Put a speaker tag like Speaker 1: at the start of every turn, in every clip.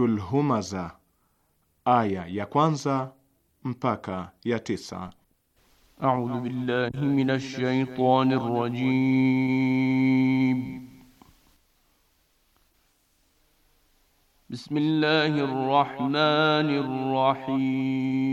Speaker 1: Suratul Humaza aya ya kwanza mpaka ya tisa.
Speaker 2: A'udhu billahi minash shaitani rrajim. Bismillahir rahmanir rahim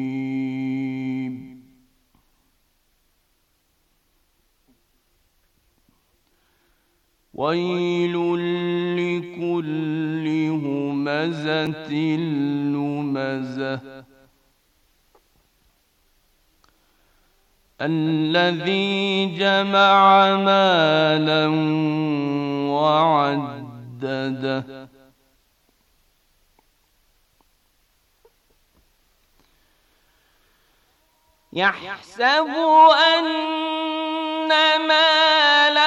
Speaker 2: الذي جمع مالا وعدده يحسب أن ماله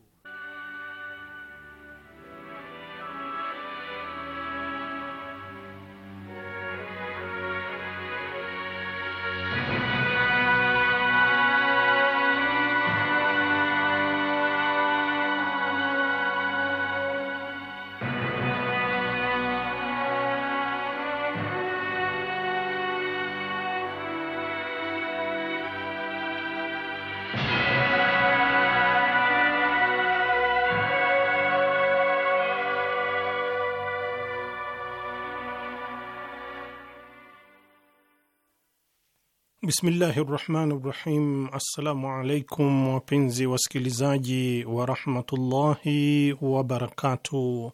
Speaker 3: Bismillahi rahmani rahim. Assalamu alaikum wapenzi wasikilizaji warahmatullahi wabarakatuh.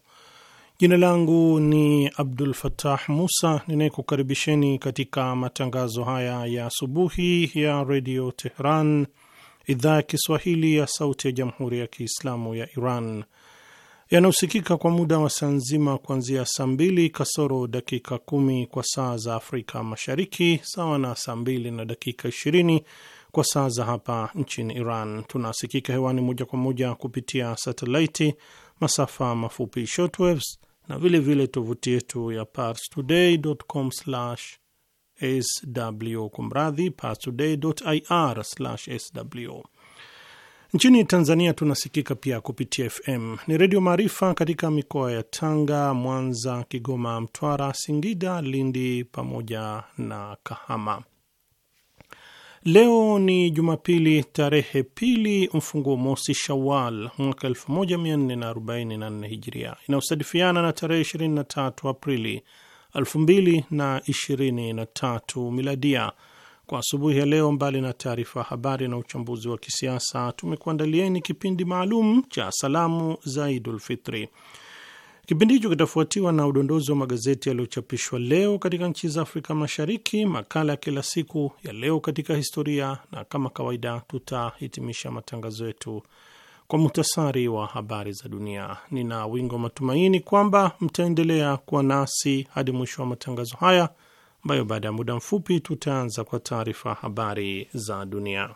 Speaker 3: Jina langu ni Abdul fatah Musa ninayekukaribisheni katika matangazo haya ya asubuhi ya redio Tehran, idhaa ya Kiswahili ya sauti ya jamhuri ya Kiislamu ya Iran yanayosikika kwa muda wa saa nzima kuanzia saa mbili kasoro dakika kumi kwa saa za Afrika Mashariki, sawa na saa mbili na dakika ishirini kwa saa za hapa nchini Iran. Tunasikika hewani moja kwa moja kupitia satelaiti, masafa mafupi shortwaves na vilevile tovuti yetu ya parstoday.com/sw. Kumradhi, parstoday.ir/sw Nchini Tanzania tunasikika pia kupitia FM ni Redio Maarifa katika mikoa ya Tanga, Mwanza, Kigoma, Mtwara, Singida, Lindi pamoja na Kahama. Leo ni Jumapili tarehe pili mfunguo mosi Shawal mwaka 1444 Hijiria inayosadifiana na tarehe 23 Aprili 2023 Miladia. Kwa asubuhi ya leo, mbali na taarifa ya habari na uchambuzi wa kisiasa, tumekuandalieni kipindi maalum cha salamu za Idulfitri. Kipindi hicho kitafuatiwa na udondozi wa magazeti yaliyochapishwa leo katika nchi za Afrika Mashariki, makala ya kila siku ya leo katika historia, na kama kawaida tutahitimisha matangazo yetu kwa muhtasari wa habari za dunia. Nina wingi wa matumaini kwamba mtaendelea kuwa nasi hadi mwisho wa matangazo haya ambayo baada ya muda mfupi tutaanza kwa taarifa habari za dunia.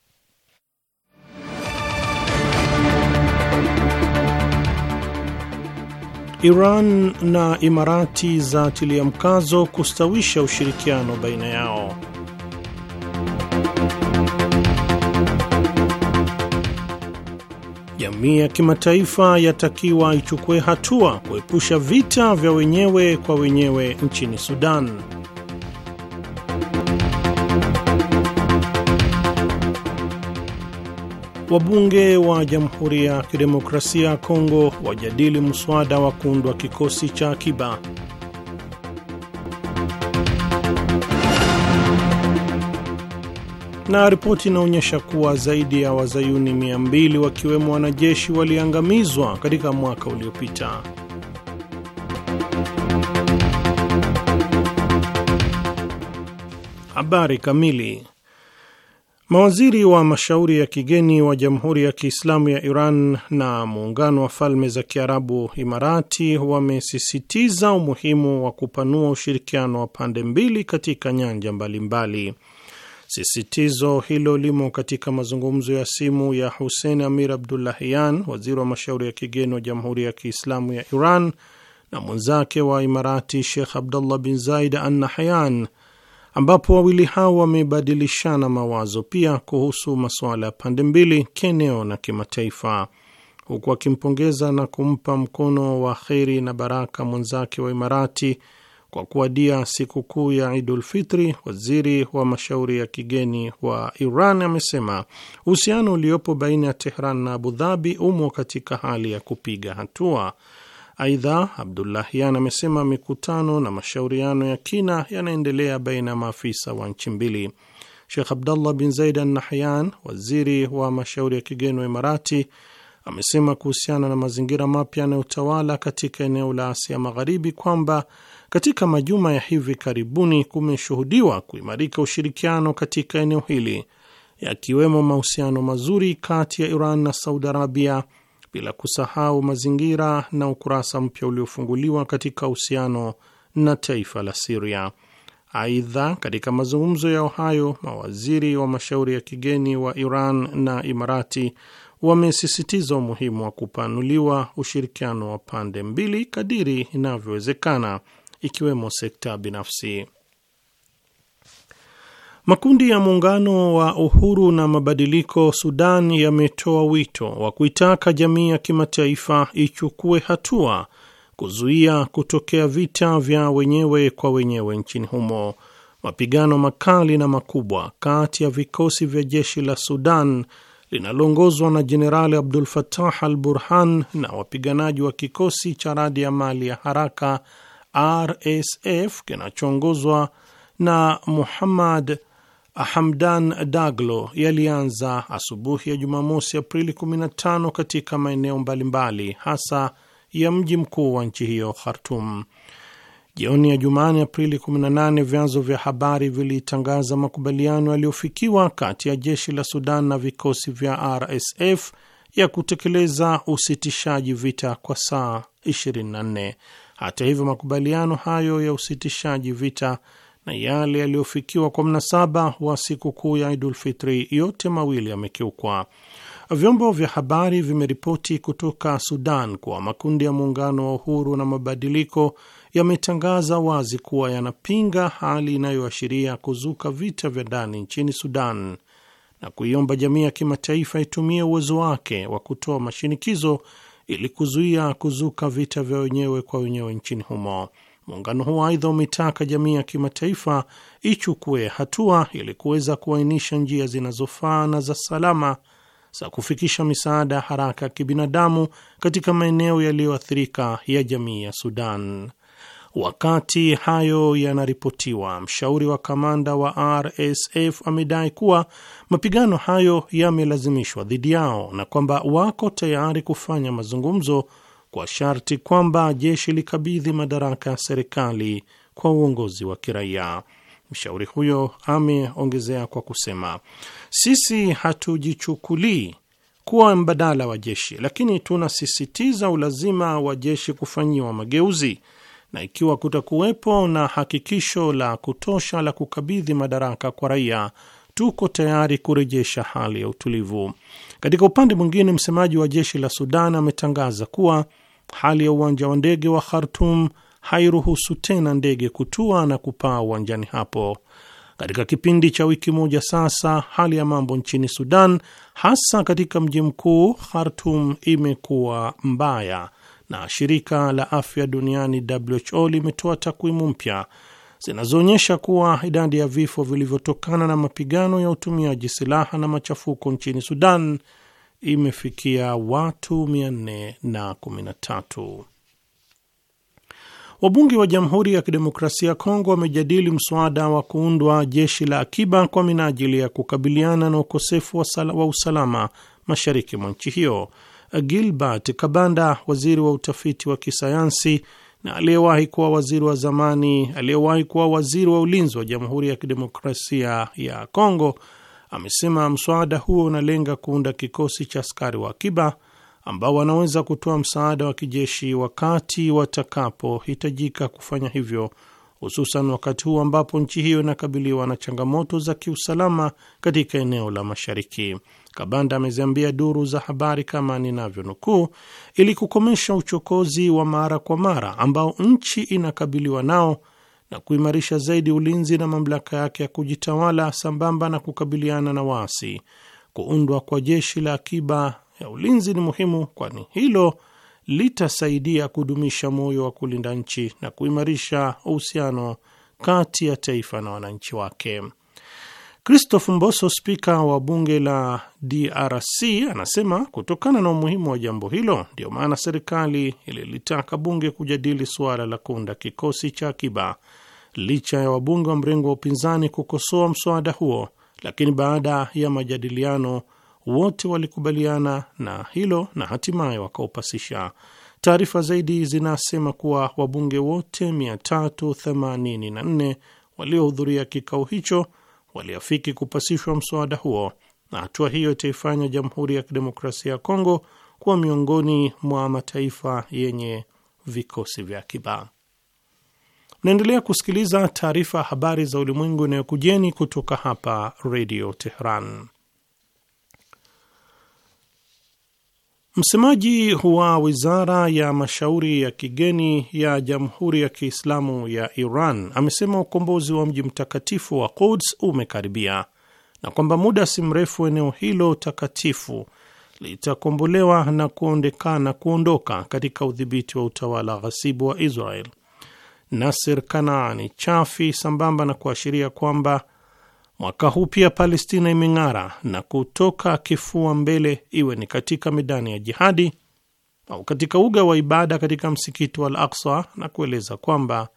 Speaker 3: Iran na Imarati za tilia mkazo kustawisha ushirikiano baina yao. Jamii ya kimataifa yatakiwa ichukue hatua kuepusha vita vya wenyewe kwa wenyewe nchini Sudan. Wabunge wa Jamhuri ya Kidemokrasia ya Kongo wajadili mswada wa kuundwa kikosi cha akiba. Na ripoti inaonyesha kuwa zaidi ya wazayuni 200 wakiwemo wanajeshi waliangamizwa katika mwaka uliopita. Habari kamili. Mawaziri wa mashauri ya kigeni wa Jamhuri ya Kiislamu ya Iran na Muungano wa Falme za Kiarabu Imarati wamesisitiza umuhimu wa kupanua ushirikiano wa pande mbili katika nyanja mbalimbali Sisitizo hilo limo katika mazungumzo ya simu ya Hussein Amir Abdullahian, waziri wa mashauri ya kigeni wa Jamhuri ya Kiislamu ya Iran na mwenzake wa Imarati Sheikh Abdullah bin Zaid An Nahyan ambapo wawili hao wamebadilishana mawazo pia kuhusu masuala ya pande mbili kieneo na kimataifa, huku akimpongeza na kumpa mkono wa kheri na baraka mwenzake wa Imarati kwa kuadia sikukuu ya idulfitri Waziri wa mashauri ya kigeni wa Iran amesema uhusiano uliopo baina ya Tehran na Abu Dhabi umo katika hali ya kupiga hatua Aidha, Abdullahyan amesema mikutano na mashauriano ya kina yanaendelea baina ya maafisa wa nchi mbili. Shekh abdullah bin Zaid Al Nahyan, waziri wa mashauri ya kigeni wa Imarati, amesema kuhusiana na mazingira mapya yanayotawala katika eneo la Asia Magharibi kwamba katika majuma ya hivi karibuni kumeshuhudiwa kuimarika ushirikiano katika eneo hili, yakiwemo mahusiano mazuri kati ya Iran na Saudi Arabia bila kusahau mazingira na ukurasa mpya uliofunguliwa katika uhusiano na taifa la Siria. Aidha, katika mazungumzo yao hayo, mawaziri wa mashauri ya kigeni wa Iran na Imarati wamesisitiza umuhimu wa kupanuliwa ushirikiano wa pande mbili kadiri inavyowezekana, ikiwemo sekta binafsi. Makundi ya muungano wa uhuru na mabadiliko Sudan yametoa wito wa kuitaka jamii ya kimataifa ichukue hatua kuzuia kutokea vita vya wenyewe kwa wenyewe nchini humo. Mapigano makali na makubwa kati ya vikosi vya jeshi la Sudan linaloongozwa na Jenerali Abdul Fattah al Burhan na wapiganaji wa kikosi cha radi ya mali ya haraka RSF kinachoongozwa na Muhammad Hamdan Daglo yalianza asubuhi ya Jumamosi, Aprili 15 katika maeneo mbalimbali hasa ya mji mkuu wa nchi hiyo Khartum. Jioni ya Jumani, Aprili 18, vyanzo vya habari vilitangaza makubaliano yaliyofikiwa kati ya jeshi la Sudan na vikosi vya RSF ya kutekeleza usitishaji vita kwa saa 24. Hata hivyo, makubaliano hayo ya usitishaji vita na yale yaliyofikiwa kwa mnasaba wa sikukuu ya Idulfitri, yote mawili yamekiukwa. Vyombo vya habari vimeripoti kutoka Sudan kuwa makundi ya muungano wa uhuru na mabadiliko yametangaza wazi kuwa yanapinga hali inayoashiria kuzuka vita vya ndani nchini Sudan na kuiomba jamii ya kimataifa itumie uwezo wake wa kutoa mashinikizo ili kuzuia kuzuka vita vya wenyewe kwa wenyewe nchini humo. Muungano huo aidha umetaka jamii ya kimataifa ichukue hatua ili kuweza kuainisha njia zinazofaa na za salama za kufikisha misaada haraka ya kibinadamu katika maeneo yaliyoathirika ya jamii ya Sudan. Wakati hayo yanaripotiwa, mshauri wa kamanda wa RSF amedai kuwa mapigano hayo yamelazimishwa dhidi yao na kwamba wako tayari kufanya mazungumzo kwa sharti kwamba jeshi likabidhi madaraka ya serikali kwa uongozi wa kiraia. Mshauri huyo ameongezea kwa kusema, sisi hatujichukulii kuwa mbadala wa jeshi, lakini tunasisitiza ulazima wa jeshi kufanyiwa mageuzi, na ikiwa kutakuwepo na hakikisho la kutosha la kukabidhi madaraka kwa raia, tuko tayari kurejesha hali ya utulivu. Katika upande mwingine, msemaji wa jeshi la Sudan ametangaza kuwa Hali ya uwanja wa ndege wa Khartum hairuhusu tena ndege kutua na kupaa uwanjani hapo. Katika kipindi cha wiki moja sasa, hali ya mambo nchini Sudan, hasa katika mji mkuu Khartum, imekuwa mbaya na shirika la afya duniani WHO limetoa takwimu mpya zinazoonyesha kuwa idadi ya vifo vilivyotokana na mapigano ya utumiaji silaha na machafuko nchini Sudan imefikia watu 413. Wabunge wa Jamhuri ya Kidemokrasia ya Kongo wamejadili mswada wa kuundwa jeshi la akiba kwa minajili ya kukabiliana na ukosefu wa, sala, wa usalama mashariki mwa nchi hiyo. Gilbert Kabanda, waziri wa utafiti wa kisayansi na aliyewahi kuwa waziri wa zamani, aliyewahi kuwa waziri wa ulinzi wa Jamhuri ya Kidemokrasia ya Kongo, amesema mswada huo unalenga kuunda kikosi cha askari wa akiba ambao wanaweza kutoa msaada wa kijeshi wakati watakapohitajika kufanya hivyo, hususan wakati huu ambapo nchi hiyo inakabiliwa na changamoto za kiusalama katika eneo la mashariki. Kabanda ameziambia duru za habari kama ninavyonukuu, ili kukomesha uchokozi wa mara kwa mara ambao nchi inakabiliwa nao na kuimarisha zaidi ulinzi na mamlaka yake ya kujitawala sambamba na kukabiliana na waasi. Kuundwa kwa jeshi la akiba ya ulinzi ni muhimu, kwani hilo litasaidia kudumisha moyo wa kulinda nchi na kuimarisha uhusiano kati ya taifa na wananchi wake. Christophe Mboso, spika wa bunge la DRC, anasema kutokana na umuhimu wa jambo hilo, ndiyo maana serikali ililitaka bunge kujadili suala la kuunda kikosi cha akiba licha ya wabunge wa mrengo wa upinzani kukosoa mswada huo, lakini baada ya majadiliano wote walikubaliana na hilo na hatimaye wakaupasisha. Taarifa zaidi zinasema kuwa wabunge wote 384 waliohudhuria kikao hicho waliafiki kupasishwa mswada huo, na hatua hiyo itaifanya Jamhuri ya Kidemokrasia ya Kongo kuwa miongoni mwa mataifa yenye vikosi vya akiba. Mnaendelea kusikiliza taarifa ya habari za ulimwengu inayokujeni kutoka hapa Redio Teheran. Msemaji wa wizara ya mashauri ya kigeni ya Jamhuri ya Kiislamu ya Iran amesema ukombozi wa mji mtakatifu wa Quds umekaribia na kwamba muda si mrefu eneo hilo takatifu litakombolewa na kuondekana kuondoka katika udhibiti wa utawala ghasibu wa Israel. Nasir Kanaani Chafi, sambamba na kuashiria kwamba mwaka huu pia Palestina imeng'ara na kutoka kifua mbele, iwe ni katika medani ya jihadi au katika uga wa ibada katika msikiti wa Al Aksa, na kueleza kwamba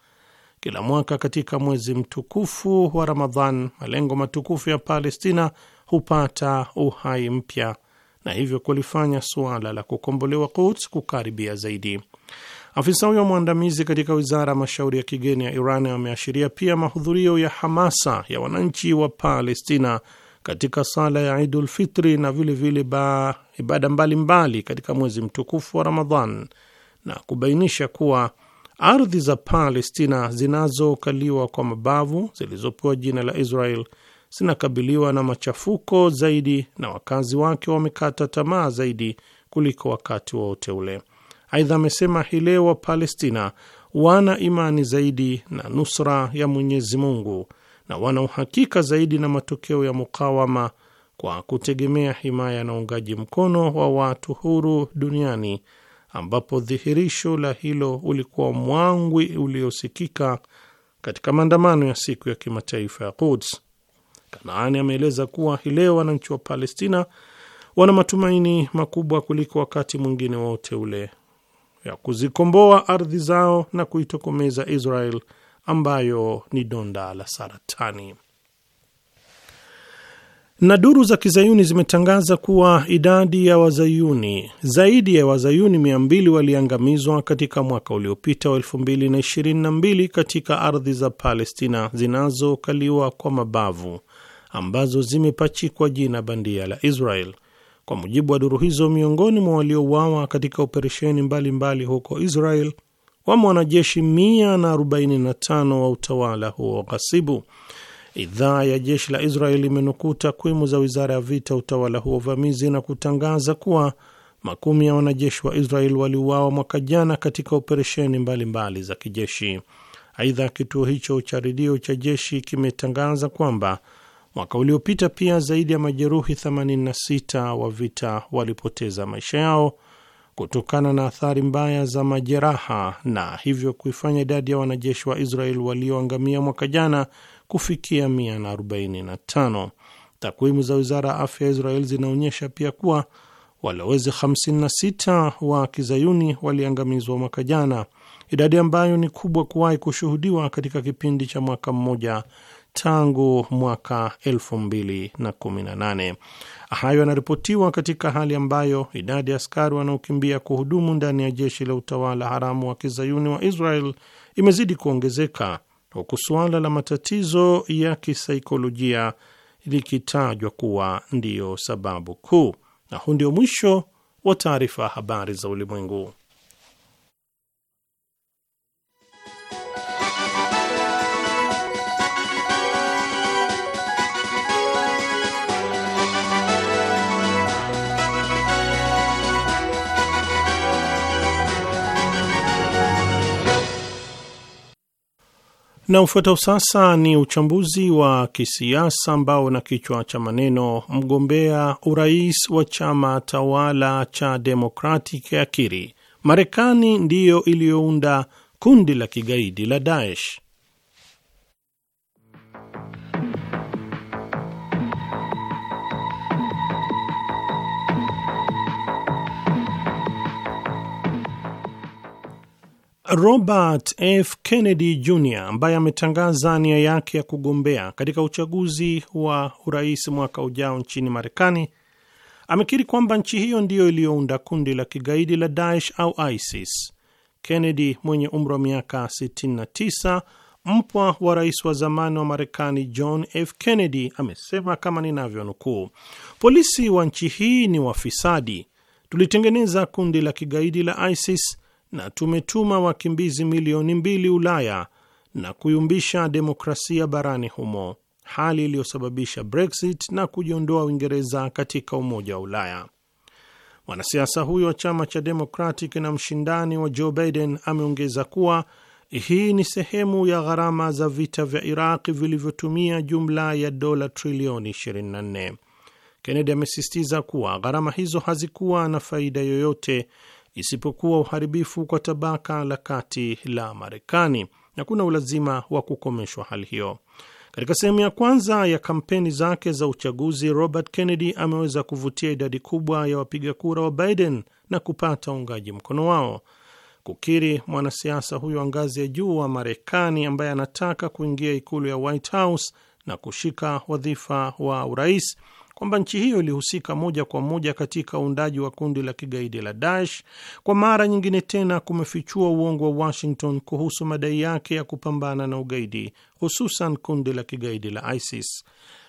Speaker 3: kila mwaka katika mwezi mtukufu wa Ramadhan malengo matukufu ya Palestina hupata uhai mpya na hivyo kulifanya suala la kukombolewa Quds kukaribia zaidi. Afisa huyo mwandamizi katika wizara ya mashauri ya kigeni ya Iran ameashiria pia mahudhurio ya hamasa ya wananchi wa Palestina katika sala ya Idul Fitri na vilevile vile ibada mbalimbali katika mwezi mtukufu wa Ramadhan na kubainisha kuwa ardhi za Palestina zinazokaliwa kwa mabavu zilizopewa jina la Israel zinakabiliwa na machafuko zaidi na wakazi wake wamekata tamaa zaidi kuliko wakati wowote ule. Aidha amesema hii leo Wapalestina wana imani zaidi na nusra ya Mwenyezi Mungu na wana uhakika zaidi na matokeo ya mukawama kwa kutegemea himaya na uungaji mkono wa watu huru duniani, ambapo dhihirisho la hilo ulikuwa mwangwi uliosikika katika maandamano ya siku ya kimataifa ya Quds. Kanaani ameeleza kuwa hii leo wananchi wa Palestina wana matumaini makubwa kuliko wakati mwingine wote ule ya kuzikomboa ardhi zao na kuitokomeza Israel ambayo ni donda la saratani. Na duru za kizayuni zimetangaza kuwa idadi ya wazayuni zaidi ya wazayuni mbili waliangamizwa katika mwaka uliopita wa mbili katika ardhi za Palestina zinazokaliwa kwa mabavu ambazo zimepachikwa jina bandia la Israel. Kwa mujibu wa duru hizo, miongoni mwa waliouawa katika operesheni mbalimbali huko Israel wamo wanajeshi 145 wa utawala huo ghasibu. Idhaa ya jeshi la Israel imenukuu takwimu za wizara ya vita utawala huo vamizi na kutangaza kuwa makumi ya wanajeshi wa Israel waliuawa mwaka jana katika operesheni mbalimbali za kijeshi. Aidha, kituo hicho cha redio cha jeshi kimetangaza kwamba Mwaka uliopita pia zaidi ya majeruhi 86 wa vita walipoteza maisha yao kutokana na athari mbaya za majeraha na hivyo kuifanya idadi ya wanajeshi wa Israel walioangamia mwaka jana kufikia 145. Takwimu za wizara ya afya ya Israel zinaonyesha pia kuwa walowezi 56 wa kizayuni waliangamizwa mwaka jana, idadi ambayo ni kubwa kuwahi kushuhudiwa katika kipindi cha mwaka mmoja tangu mwaka 2018. Hayo yanaripotiwa katika hali ambayo idadi ya askari wanaokimbia kuhudumu ndani ya jeshi la utawala haramu wa kizayuni wa Israel imezidi kuongezeka huku suala la matatizo ya kisaikolojia likitajwa kuwa ndiyo sababu kuu. Na huu ndio mwisho wa taarifa ya habari za ulimwengu. Na ufuatao sasa ni uchambuzi wa kisiasa ambao na kichwa cha maneno mgombea urais wa chama tawala cha Democratic akiri Marekani ndiyo iliyounda kundi la kigaidi la Daesh. Robert F Kennedy Jr ambaye ametangaza nia yake ya kugombea katika uchaguzi wa urais mwaka ujao nchini Marekani amekiri kwamba nchi hiyo ndiyo iliyounda kundi la kigaidi la Daesh au ISIS. Kennedy mwenye umri wa miaka 69, mpwa wa rais wa zamani wa Marekani John F Kennedy, amesema kama ninavyonukuu, polisi wa nchi hii ni wafisadi, tulitengeneza kundi la kigaidi la ISIS na tumetuma wakimbizi milioni mbili Ulaya na kuyumbisha demokrasia barani humo, hali iliyosababisha Brexit na kujiondoa Uingereza katika Umoja wa Ulaya. Mwanasiasa huyo wa chama cha Democratic na mshindani wa Joe Biden ameongeza kuwa hii ni sehemu ya gharama za vita vya Iraq vilivyotumia jumla ya dola trilioni 24. Kennedy amesisitiza kuwa gharama hizo hazikuwa na faida yoyote isipokuwa uharibifu kwa tabaka la kati la Marekani, na kuna ulazima wa kukomeshwa hali hiyo. Katika sehemu ya kwanza ya kampeni zake za uchaguzi, Robert Kennedy ameweza kuvutia idadi kubwa ya wapiga kura wa Biden na kupata uungaji mkono wao. Kukiri mwanasiasa huyo wa ngazi ya juu wa Marekani ambaye anataka kuingia ikulu ya White House na kushika wadhifa wa urais kwamba nchi hiyo ilihusika moja kwa moja katika uundaji wa kundi la kigaidi la Daesh, kwa mara nyingine tena kumefichua uongo wa Washington kuhusu madai yake ya kupambana na ugaidi, hususan kundi la kigaidi la ISIS.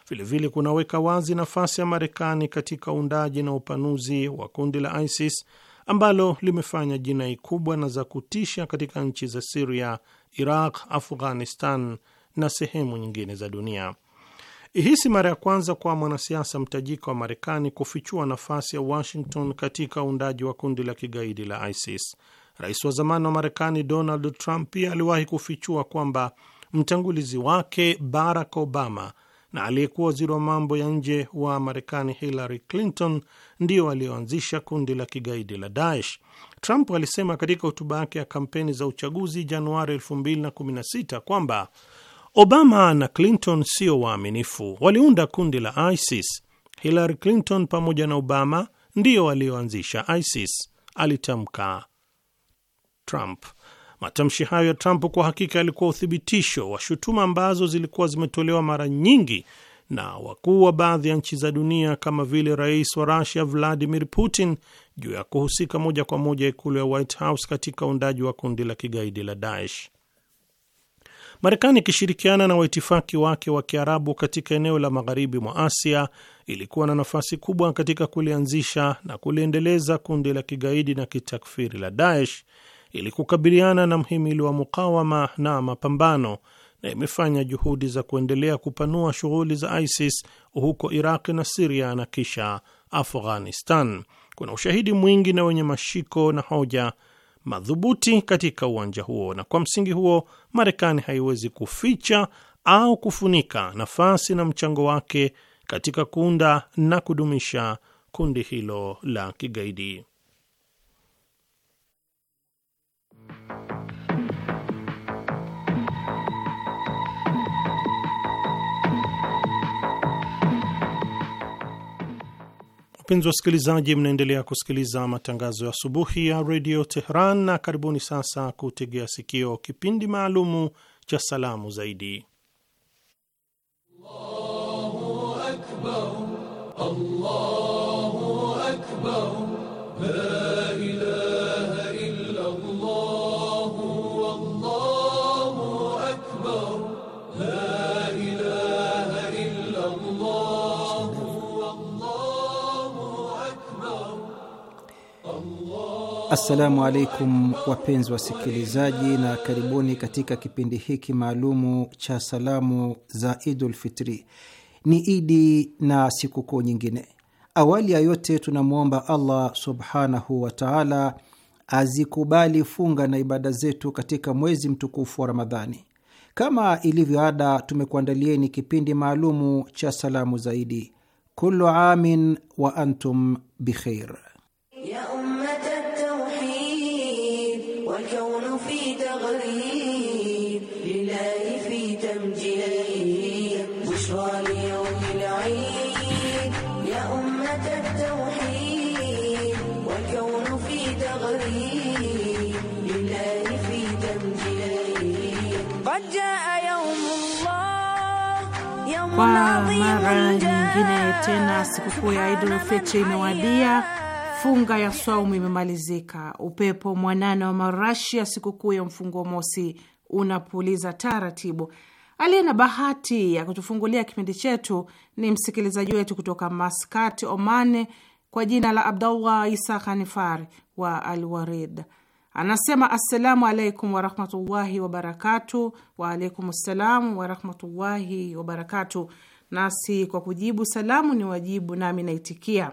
Speaker 3: Vilevile kunaweka wazi nafasi ya Marekani katika uundaji na upanuzi wa kundi la ISIS ambalo limefanya jinai kubwa na za kutisha katika nchi za Siria, Iraq, Afghanistan na sehemu nyingine za dunia. Hii si mara ya kwanza kwa mwanasiasa mtajika wa Marekani kufichua nafasi ya Washington katika uundaji wa kundi la kigaidi la ISIS. Rais wa zamani wa Marekani Donald Trump pia aliwahi kufichua kwamba mtangulizi wake Barack Obama na aliyekuwa waziri wa mambo ya nje wa Marekani Hillary Clinton ndio aliyoanzisha kundi la kigaidi la Daesh. Trump alisema katika hotuba yake ya kampeni za uchaguzi Januari 2016 kwamba Obama na Clinton sio waaminifu, waliunda kundi la ISIS. Hillary Clinton pamoja na Obama ndiyo walioanzisha ISIS, alitamka Trump. Matamshi hayo ya Trump kwa hakika yalikuwa uthibitisho wa shutuma ambazo zilikuwa zimetolewa mara nyingi na wakuu wa baadhi ya nchi za dunia kama vile rais wa Rusia Vladimir Putin juu ya kuhusika moja kwa moja ikulu ya White House katika uundaji wa kundi la kigaidi la Daesh. Marekani ikishirikiana na waitifaki wake wa Kiarabu katika eneo la magharibi mwa Asia ilikuwa na nafasi kubwa katika kulianzisha na kuliendeleza kundi la kigaidi na kitakfiri la Daesh ili kukabiliana na mhimili wa mukawama na mapambano, na imefanya juhudi za kuendelea kupanua shughuli za ISIS huko Iraq na Siria na kisha Afghanistan. Kuna ushahidi mwingi na wenye mashiko na hoja madhubuti katika uwanja huo, na kwa msingi huo Marekani haiwezi kuficha au kufunika nafasi na mchango wake katika kuunda na kudumisha kundi hilo la kigaidi. Wapenzi wasikilizaji, mnaendelea kusikiliza matangazo ya asubuhi ya redio Tehran, na karibuni sasa kutegea sikio kipindi maalumu cha salamu zaidi.
Speaker 4: Allahu Akbar, Allah
Speaker 5: Assalamu alaikum wapenzi wasikilizaji, na karibuni katika kipindi hiki maalumu cha salamu za Idul Fitri. Ni idi na sikukuu nyingine. Awali ya yote, tunamwomba Allah subhanahu wataala azikubali funga na ibada zetu katika mwezi mtukufu wa Ramadhani. Kama ilivyo ada, tumekuandalieni kipindi maalumu cha salamu zaidi. Kullu amin wa antum bikhair ya umma.
Speaker 4: kwa mara nyingine
Speaker 6: tena sikukuu ya Idul imewadia, funga ya swaumu imemalizika, upepo mwanana wa marashi ya sikukuu ya mfungo mosi unapuliza taratibu. Aliye na bahati ya kutufungulia kipindi chetu ni msikilizaji wetu kutoka Maskat, Oman kwa jina la Abdallah Isa Khanifar wa Alwarid anasema assalamu alaikum warahmatullahi wabarakatu. Waalaikum ssalamu warahmatullahi wabarakatu. Nasi kwa kujibu salamu ni wajibu, nami naitikia.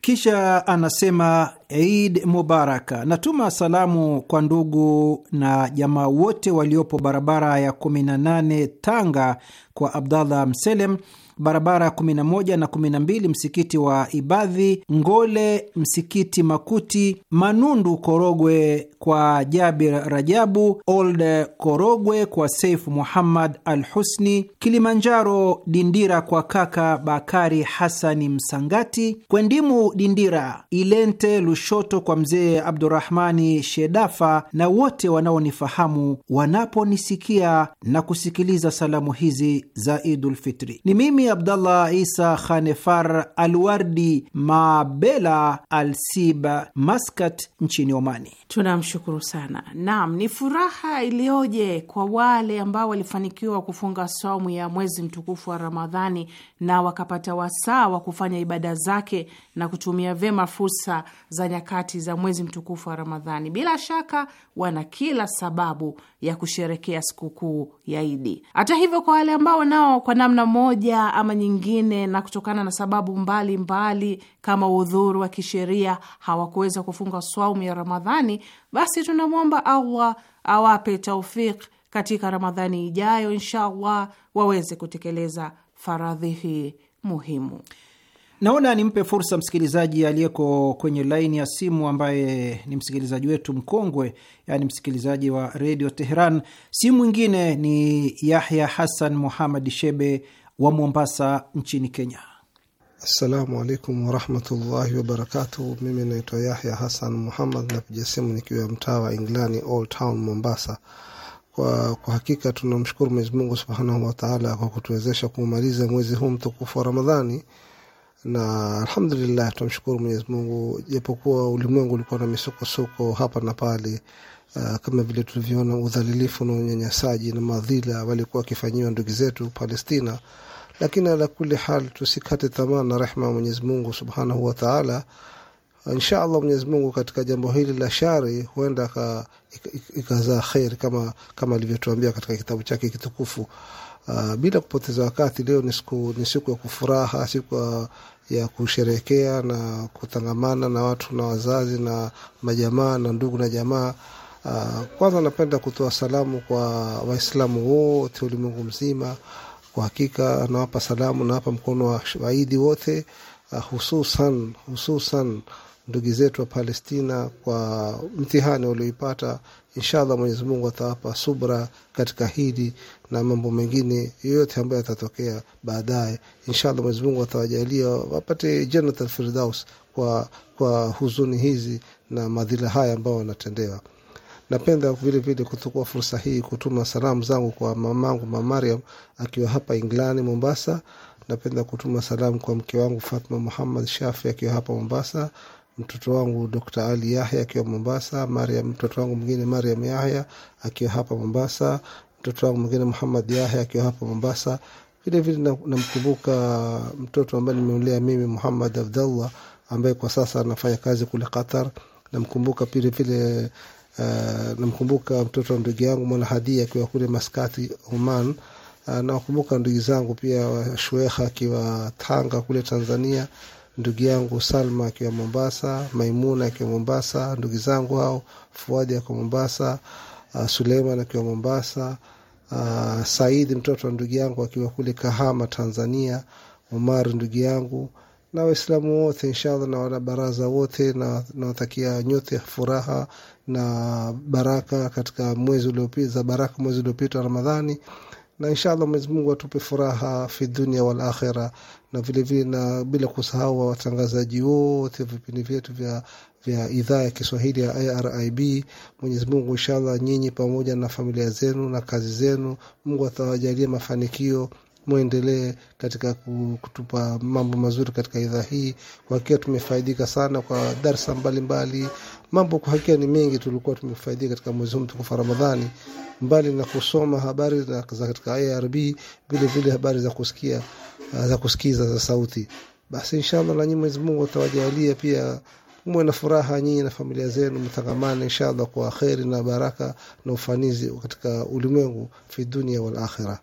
Speaker 5: Kisha anasema Eid Mubaraka. Natuma salamu kwa ndugu na jamaa wote waliopo barabara ya 18 Tanga kwa Abdallah Mselem barabara 11 na 12, msikiti wa Ibadhi, Ngole, msikiti Makuti, Manundu Korogwe kwa Jabir Rajabu, Old Korogwe kwa Seif Muhammad Al Husni, Kilimanjaro Dindira kwa kaka Bakari Hasani Msangati, Kwendimu Dindira, Ilente Lushoto kwa mzee Abdurahmani Shedafa na wote wanaonifahamu wanaponisikia na kusikiliza salamu hizi za Idul Fitri. Ni mimi Amir Abdallah Isa Khanefar Alwardi Mabela Alsiba, Maskat nchini Omani. Tunamshukuru sana.
Speaker 6: Naam, ni furaha iliyoje kwa wale ambao walifanikiwa kufunga saumu ya mwezi mtukufu wa Ramadhani na wakapata wasaa wa kufanya ibada zake na kutumia vyema fursa za nyakati za mwezi mtukufu wa Ramadhani. Bila shaka wana kila sababu ya kusherekea sikukuu ya Idi. Hata hivyo, kwa wale ambao nao kwa namna moja ama nyingine, na kutokana na sababu mbalimbali mbali, kama udhuru wa kisheria hawakuweza kufunga swaumu ya Ramadhani, basi tunamwomba Allah awape taufik katika Ramadhani ijayo insha Allah waweze kutekeleza faradhi hii muhimu.
Speaker 5: Naona nimpe fursa msikilizaji aliyeko kwenye laini ya simu ambaye ni msikilizaji wetu mkongwe, yaani msikilizaji wa redio Teheran. simu ingine ni Yahya Hassan Muhamad Shebe wa Mombasa nchini Kenya.
Speaker 7: Assalamu alaikum warahmatullahi wabarakatuh. Mimi naitwa Yahya Hasan Muhammad, napiga simu nikiwa mtaa wa Englani Old Town, Mombasa. Kwa, kwa hakika tunamshukuru Mwenyezi Mungu subhanahu wataala kwa kutuwezesha kumaliza mwezi huu mtukufu wa Ramadhani na alhamdulillah tunamshukuru Mwenyezi Mungu, japokuwa ulimwengu ulikuwa na misukosuko hapa na pale. Uh, kama vile tulivyoona udhalilifu na unyanyasaji na madhila walikuwa wakifanyiwa ndugu zetu Palestina lakini ala kuli hal, tusikate tamaa na rehma ya Mwenyezi Mungu subhanahu wa taala. Insha allah Mwenyezi Mungu katika jambo hili la shari huenda ikazaa khair kama, kama alivyotuambia katika kitabu chake kitukufu. Uh, bila kupoteza wakati, leo ni siku ni siku ya kufuraha, siku ya kusherekea na kutangamana na watu na wazazi na majamaa na ndugu na jamaa. Uh, kwanza napenda kutoa salamu kwa Waislamu wote ulimwengu mzima kwa hakika anawapa salamu, nawapa mkono wa shahidi wote, ah, hususan hususan ndugu zetu wa Palestina kwa mtihani walioipata. Inshallah, Mwenyezi Mungu atawapa subra katika hili na mambo mengine yoyote ambayo yatatokea baadaye. Inshallah, Mwenyezi Mungu atawajalia wapate Jannatul Firdaus kwa, kwa huzuni hizi na madhila haya ambayo wanatendewa. Napenda vile vile kuchukua fursa hii kutuma salamu zangu kwa mamangu Mamariam akiwa hapa Inglani, Mombasa. Napenda kutuma salamu kwa mke wangu Fatma Muhammad Shafi akiwa hapa Mombasa, mtoto wangu Dr Ali Yahya akiwa Mombasa, Mariam, mtoto wangu mwingine Mariam Yahya akiwa hapa Mombasa, mtoto wangu mwingine Muhammad Yahya akiwa hapa Mombasa. Vile vile namkumbuka na mtoto ambaye nimemlea mimi Muhammad Abdallah ambaye kwa sasa anafanya kazi kule Qatar. Namkumbuka vile vile Uh, namkumbuka mtoto wa ndugu yangu Mwanahadhi akiwa kule Maskati, Oman. Uh, nawakumbuka ndugu zangu pia Shueha akiwa Tanga kule Tanzania, ndugu yangu Salma akiwa Mombasa, Maimuna akiwa Mombasa, ndugu zangu hao, Fuadi akiwa Mombasa, uh, Suleiman akiwa Mombasa, uh, Saidi mtoto wa ndugu yangu akiwa kule Kahama, Tanzania, Omar ndugu yangu na Waislamu wote inshallah na wanabaraza wote, na nawatakia nyote furaha na baraka katika mwezi uliopita, za baraka mwezi uliopita Ramadhani, na inshallah Mwenyezi Mungu atupe furaha fi dunia wal akhira, na vilevile na bila kusahau watangazaji wote vipindi vyetu vya vya idhaa ya Kiswahili ya IRIB. Mwenyezi Mungu inshallah, nyinyi pamoja na familia zenu na kazi zenu, Mungu atawajalia mafanikio mwendelee katika kutupa mambo mazuri katika idhaa hii. Kwa hakika tumefaidika sana kwa darsa mbalimbali, mambo kwa hakika ni mengi tulikuwa tumefaidika katika mwezi huu mtukufu wa Ramadhani, mbali na kusoma habari za katika IRB, vile vile habari za kusikia uh, za kusikiza za sauti. Basi inshallah na nyinyi Mwenyezi Mungu atawajalia pia mwe na furaha nyinyi na familia zenu, mtangamane inshallah kwa kheri na baraka na ufanizi katika ulimwengu fi dunia wal akhirah.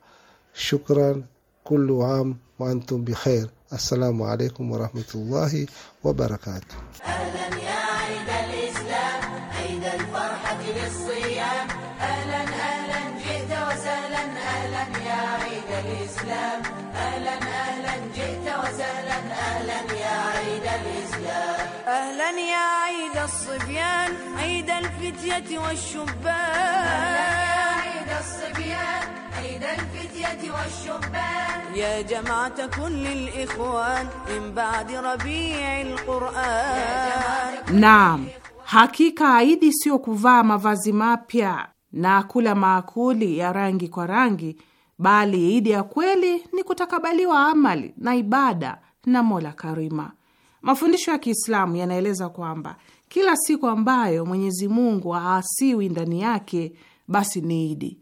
Speaker 7: شكرا كل عام وأنتم بخير السلام عليكم ورحمة الله وبركاته أهلا
Speaker 4: يا عيد الإسلام عيد الفرحة للصيام أهلا أهلا جئت وسهلا أهلا يا عيد الإسلام أهلا أهلا جئت وسهلا أهلا يا عيد الإسلام أهلا يا عيد الصبيان عيد الفتية والشبان أهلا يا عيد الصبيان عيد الفتية والشبان يا جماعة كل الإخوان من بعد ربيع القرآن
Speaker 6: نعم Hakika idi siyo kuvaa mavazi mapya na kula maakuli ya rangi kwa rangi, bali Idi ya kweli ni kutakabaliwa amali na ibada na Mola Karima. Mafundisho ya Kiislamu yanaeleza kwamba kila siku ambayo Mwenyezi Mungu haasiwi ndani yake basi ni Idi.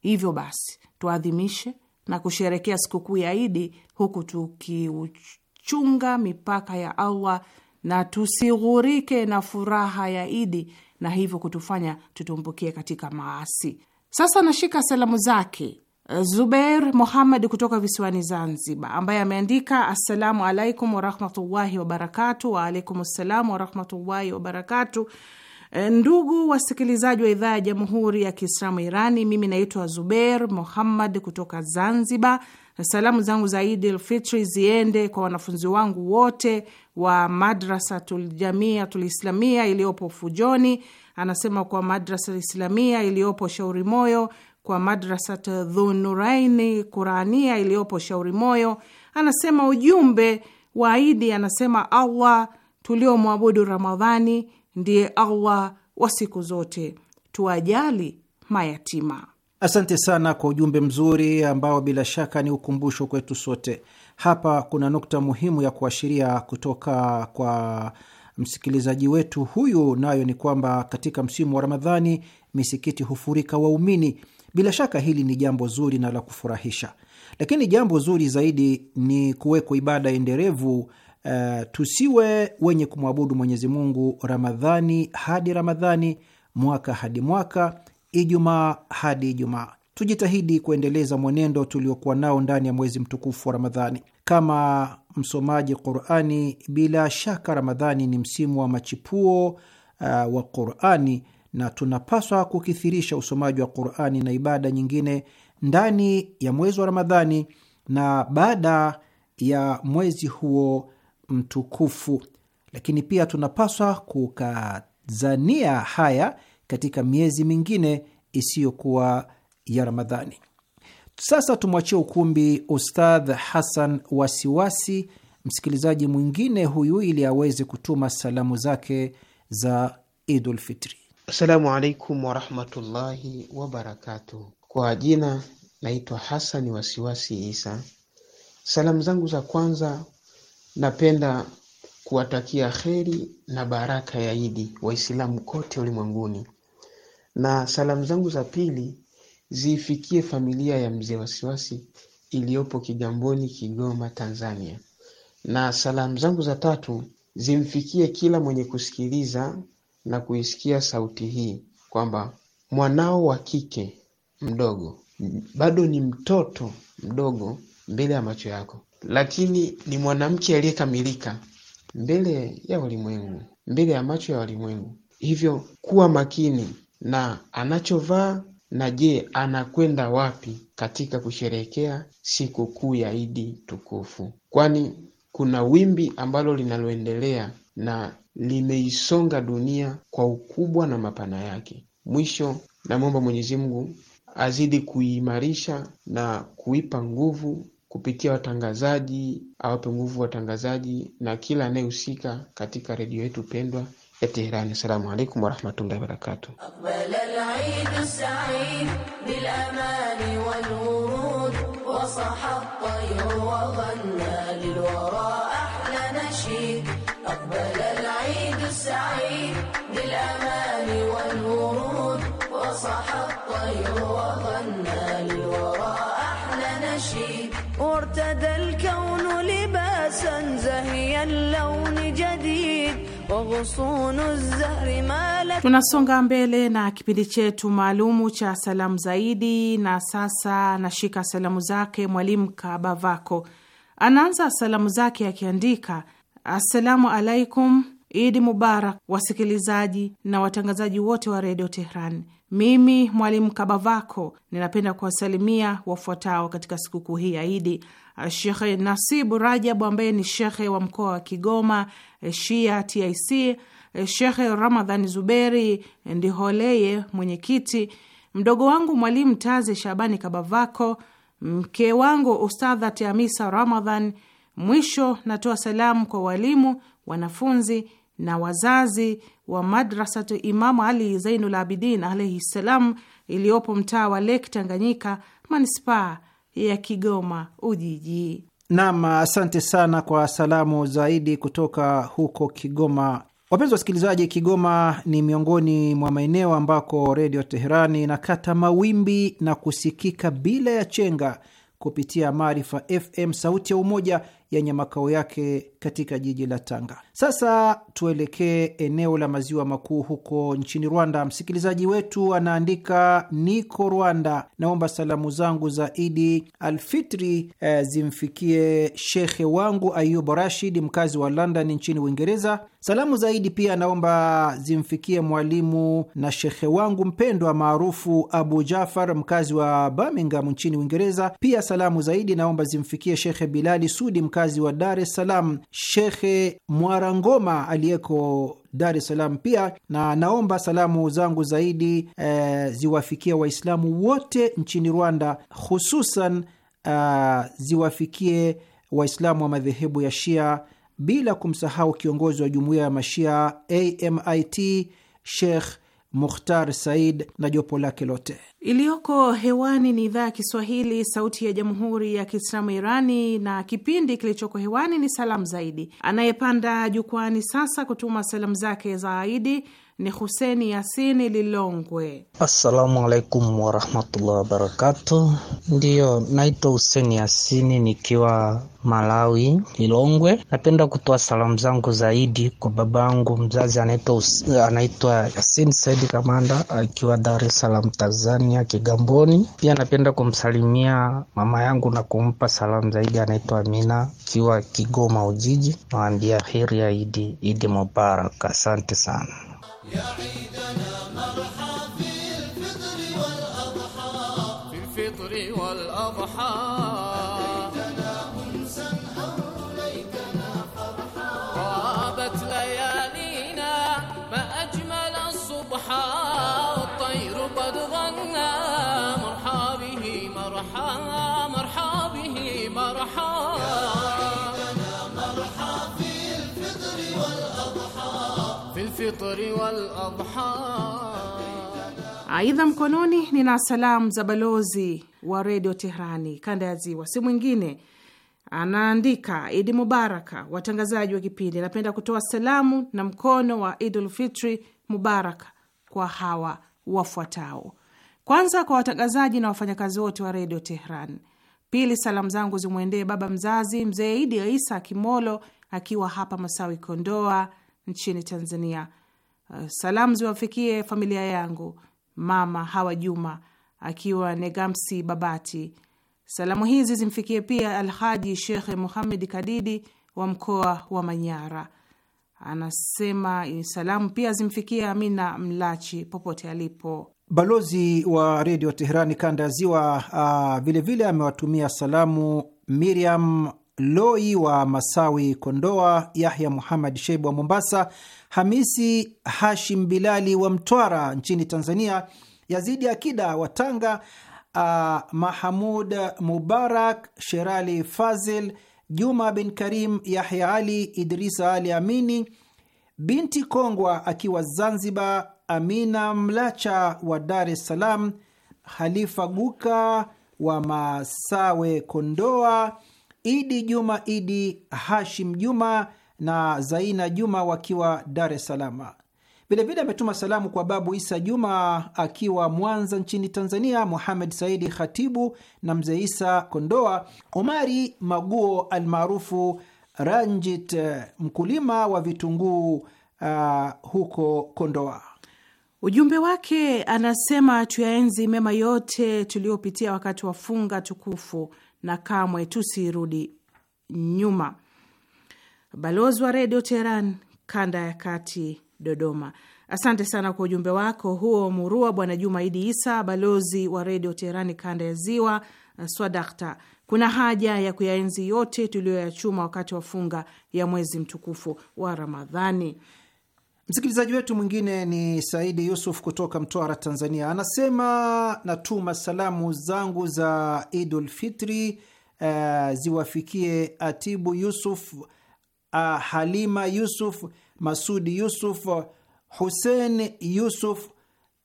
Speaker 6: Hivyo basi tuadhimishe na kusherekea sikukuu ya Idi huku tukiuchunga mipaka ya Allah na tusighurike na furaha ya Idi na hivyo kutufanya tutumbukie katika maasi. Sasa nashika salamu zake Zubeir Muhammad kutoka visiwani Zanzibar, ambaye ameandika assalamu alaikum warahmatullahi wabarakatu. Waalaikum ssalamu warahmatullahi wabarakatu Eh, ndugu wasikilizaji wa idhaa ya Jamhuri ya Kiislamu Irani, mimi naitwa Zuber muhammad kutoka Zanzibar. Salamu zangu za idi lfitri ziende kwa wanafunzi wangu wote wa Madrasa Tuljamia Tulislamia iliyopo Fujoni, anasema kwa Madrasa Islamia iliyopo Shauri Moyo, kwa madrasa Dhunuraini Qurania iliyopo Shauri Moyo. Anasema ujumbe wa Idi, anasema Allah tuliomwabudu Ramadhani ndiye Allah wa siku zote, tuajali mayatima.
Speaker 5: Asante sana kwa ujumbe mzuri ambao bila shaka ni ukumbusho kwetu sote. Hapa kuna nukta muhimu ya kuashiria kutoka kwa msikilizaji wetu huyu, nayo ni kwamba katika msimu wa Ramadhani misikiti hufurika waumini. Bila shaka hili ni jambo zuri na la kufurahisha, lakini jambo zuri zaidi ni kuwekwa ibada endelevu uh, tusiwe wenye kumwabudu Mwenyezi Mungu Ramadhani hadi Ramadhani, mwaka hadi mwaka, Ijumaa hadi Ijumaa. Tujitahidi kuendeleza mwenendo tuliokuwa nao ndani ya mwezi mtukufu wa Ramadhani. Kama msomaji Qurani, bila shaka Ramadhani ni msimu wa machipuo uh, wa Qurani na tunapaswa kukithirisha usomaji wa Qurani na ibada nyingine ndani ya mwezi wa Ramadhani na baada ya mwezi huo mtukufu, lakini pia tunapaswa kukazania haya katika miezi mingine isiyokuwa ya Ramadhani. Sasa tumwachie ukumbi Ustadh Hasan Wasiwasi, msikilizaji mwingine huyu, ili aweze kutuma salamu zake za Idul Fitri. Assalamu alaikum
Speaker 1: warahmatullahi wabarakatu.
Speaker 5: Kwa jina naitwa
Speaker 1: Hasani Wasiwasi Isa. Salamu zangu za kwanza Napenda kuwatakia kheri na baraka ya Idi Waislamu kote ulimwenguni, na salamu zangu za pili ziifikie familia ya mzee Wasiwasi iliyopo Kigamboni, Kigoma, Tanzania, na salamu zangu za tatu zimfikie kila mwenye kusikiliza na kuisikia sauti hii kwamba mwanao wa kike mdogo bado ni mtoto mdogo mbele ya macho yako lakini ni mwanamke aliyekamilika mbele ya walimwengu, mbele ya macho ya walimwengu. Hivyo kuwa makini na anachovaa na je, anakwenda wapi katika kusherehekea sikukuu ya Idi tukufu, kwani kuna wimbi ambalo linaloendelea na limeisonga dunia kwa ukubwa na mapana yake. Mwisho, namwomba Mwenyezi Mungu azidi kuiimarisha na kuipa nguvu kupitia watangazaji, awape nguvu watangazaji na kila anayehusika katika redio yetu pendwa ya Teherani. Assalamu alaikum warahmatullahi wabarakatuh.
Speaker 4: وارتدى الكون لباسا زهي اللون jadid Tunasonga
Speaker 6: mbele na kipindi chetu maalumu cha salamu zaidi, na sasa nashika salamu zake Mwalimu Kabavako. Anaanza salamu zake akiandika, assalamu alaikum, Idi mubarak wasikilizaji na watangazaji wote wa redio Tehran. Mimi Mwalimu Kabavako ninapenda kuwasalimia wafuatao katika sikukuu hii ya Idi: eh, Shekhe Nasibu Rajabu ambaye ni shekhe wa mkoa wa Kigoma eh, Shia TIC, eh, Shekhe Ramadhani Zuberi Ndiholeye mwenyekiti, mdogo wangu Mwalimu Taze Shabani Kabavako, mke wangu Ustadha Tiamisa Ramadhan. Mwisho natoa salamu kwa walimu, wanafunzi na wazazi wa Madrasatu Imamu Ali Zainul Abidin alaihi ssalam iliyopo mtaa wa Lake Tanganyika, manispaa ya Kigoma
Speaker 5: Ujiji. Nam, asante sana kwa salamu zaidi kutoka huko Kigoma. Wapenzi wasikilizaji, Kigoma ni miongoni mwa maeneo ambako Redio Teherani inakata mawimbi na kusikika bila ya chenga kupitia Maarifa FM, sauti ya umoja yenye makao yake katika jiji la Tanga. Sasa tuelekee eneo la maziwa makuu huko nchini Rwanda. Msikilizaji wetu anaandika, niko Rwanda, naomba salamu zangu za Idi Alfitri eh, zimfikie shekhe wangu Ayub Rashid, mkazi wa London nchini Uingereza. Salamu zaidi pia naomba zimfikie mwalimu na shekhe wangu mpendwa maarufu Abu Jafar, mkazi wa Birmingham nchini Uingereza. Pia salamu zaidi naomba zimfikie shekhe Bilali Sudi, mkazi wa Dar es Salaam, Shekhe Mwarangoma aliyeko Dar es Salaam pia, na naomba salamu zangu zaidi e, ziwafikie Waislamu wote nchini Rwanda, hususan a, ah, ziwafikie Waislamu wa madhehebu ya Shia bila kumsahau kiongozi wa jumuiya ya Mashia AMIT Sheikh Mukhtar Said na jopo lake lote.
Speaker 6: Iliyoko hewani ni idhaa ya Kiswahili, Sauti ya Jamhuri ya Kiislamu Irani, na kipindi kilichoko hewani ni Salamu Zaidi. Anayepanda jukwani sasa kutuma salamu zake za aidi ni Huseni Yasini Lilongwe.
Speaker 5: Assalamu alaikum warahmatullahi wabarakatuh. Ndiyo, naitwa Huseni Yasini nikiwa Malawi, Lilongwe. Napenda kutoa salamu zangu zaidi kwa babangu mzazi anaitwa anaitwa Yasini Saidi Kamanda akiwa Dar es Salaam, Tanzania, Kigamboni. Pia napenda kumsalimia mama yangu na kumpa salamu zaidi anaitwa Amina akiwa Kigoma Ujiji. Nawaambia heri ya Idi, Idi Mubarak. Asante sana. يا عيدنا مرحى في
Speaker 7: الفطر والأضحى
Speaker 4: والأضحى
Speaker 6: Aidha, mkononi nina salamu za balozi wa redio Tehrani kanda ya Ziwa, si mwingine anaandika: Idi Mubaraka watangazaji wa kipindi, napenda kutoa salamu na mkono wa Idul Fitri Mubaraka kwa hawa wafuatao: kwanza, kwa watangazaji na wafanyakazi wote wa redio Tehran. Pili, salamu zangu zimwendee baba mzazi mzee Idi Isa Kimolo akiwa hapa Masawi, Kondoa nchini Tanzania. Uh, salamu ziwafikie familia yangu, mama Hawa Juma akiwa Negamsi Babati. Salamu hizi zimfikie pia Alhaji Shekhe Muhamedi Kadidi wa mkoa wa Manyara. Anasema salamu pia zimfikie Amina Mlachi popote alipo.
Speaker 5: Balozi wa redio Teherani kanda ya Ziwa vilevile uh, amewatumia salamu Miriam Loi wa Masawi, Kondoa, Yahya Muhamad Sheibu wa Mombasa, Hamisi Hashim Bilali wa Mtwara nchini Tanzania, Yazidi Akida wa Tanga, uh, Mahamud Mubarak, Sherali Fazil, Juma bin Karim, Yahya Ali, Idrisa Ali Amini, Binti Kongwa akiwa Zanzibar, Amina Mlacha wa Dar es Salaam, Halifa Guka wa Masawe, Kondoa, Idi Juma Idi, Hashim Juma na Zaina Juma wakiwa Dar es Salaam. Vilevile ametuma salamu kwa Babu Isa Juma akiwa Mwanza nchini Tanzania, Muhamed Saidi Khatibu na Mzee Isa Kondoa, Omari Maguo almaarufu Ranjit, eh, mkulima wa vitunguu uh, huko Kondoa. Ujumbe
Speaker 6: wake anasema, tuyaenzi mema yote tuliyopitia wakati wa funga tukufu na kamwe tusirudi nyuma balozi wa redio Teheran kanda ya kati Dodoma. Asante sana kwa ujumbe wako huo murua, Bwana Juma Idi Isa, balozi wa redio Teherani kanda ya Ziwa eh, Swadakta. Kuna haja ya kuyaenzi yote tuliyoyachuma wakati wa funga ya mwezi
Speaker 5: mtukufu wa Ramadhani. Msikilizaji wetu mwingine ni Saidi Yusuf kutoka Mtwara, Tanzania, anasema natuma salamu zangu za Idul Fitri uh, ziwafikie Atibu Yusuf uh, Halima Yusuf, Masudi Yusuf, Husein Yusuf,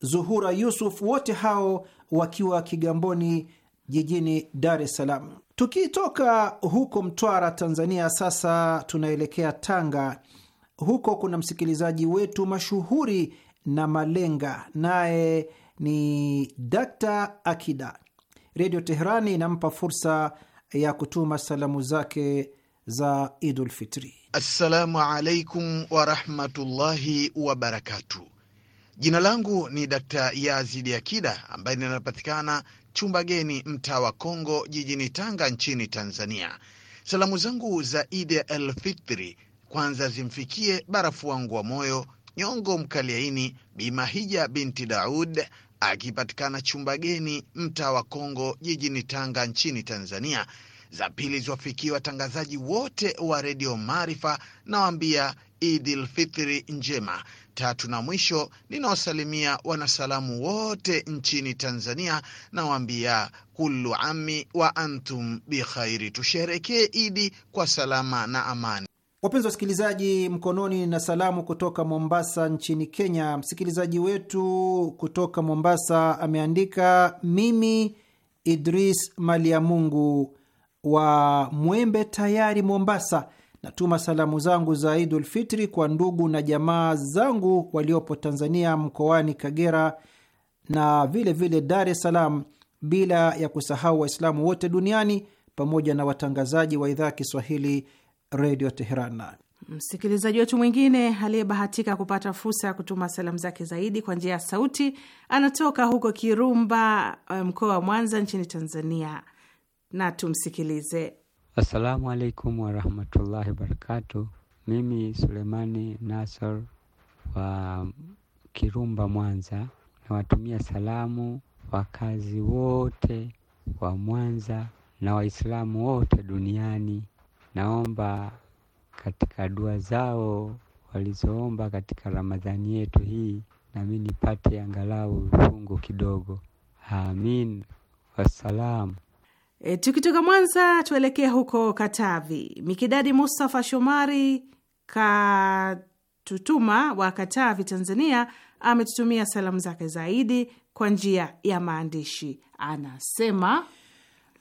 Speaker 5: Zuhura Yusuf, wote hao wakiwa Kigamboni jijini Dar es Salaam. Tukitoka huko Mtwara, Tanzania, sasa tunaelekea Tanga. Huko kuna msikilizaji wetu mashuhuri na malenga, naye ni Dakta Akida. Redio Teherani inampa fursa ya kutuma salamu zake za Idulfitri. Assalamu alaikum warahmatullahi wabarakatu. Jina langu
Speaker 1: ni Dakta Yazidi Akida ambaye ninapatikana chumba geni mtaa wa Kongo jijini Tanga nchini Tanzania. Salamu zangu za Idi ya Elfitri kwanza zimfikie barafu wangu wa moyo Nyongo Mkaliaini Bimahija binti Daud akipatikana chumba geni mtaa wa Kongo jijini Tanga nchini Tanzania za pili ziwafikia watangazaji wote wa redio Maarifa, nawaambia Idil Fitri njema. Tatu na mwisho, ninawasalimia wanasalamu wote nchini Tanzania, nawaambia kullu ami wa antum bikhairi. Tusherekee Idi kwa salama na amani.
Speaker 5: Wapenzi wasikilizaji, mkononi na salamu kutoka Mombasa nchini Kenya. Msikilizaji wetu kutoka Mombasa ameandika, mimi Idris Maliamungu wa Mwembe Tayari, Mombasa. Natuma salamu zangu za Idul Fitri kwa ndugu na jamaa zangu waliopo Tanzania, mkoani Kagera na vilevile Dar es Salaam, bila ya kusahau Waislamu wote duniani pamoja na watangazaji wa idhaa ya Kiswahili Redio Teheran.
Speaker 6: Msikilizaji wetu mwingine aliyebahatika kupata fursa ya kutuma salamu zake zaidi kwa njia ya sauti anatoka huko Kirumba, mkoa wa Mwanza, nchini Tanzania na tumsikilize.
Speaker 1: Assalamu alaikum warahmatullahi wabarakatu. Mimi Sulemani Nasor wa Kirumba, Mwanza, nawatumia salamu wakazi wote wa Mwanza na Waislamu wote duniani. Naomba katika dua zao walizoomba katika Ramadhani yetu hii, nami nipate angalau fungu kidogo. Amin, wassalamu
Speaker 6: E, tukitoka Mwanza tuelekee huko Katavi. Mikidadi Mustafa Shomari Katutuma wa Katavi, Tanzania, ametutumia salamu zake zaidi kwa njia ya maandishi. Anasema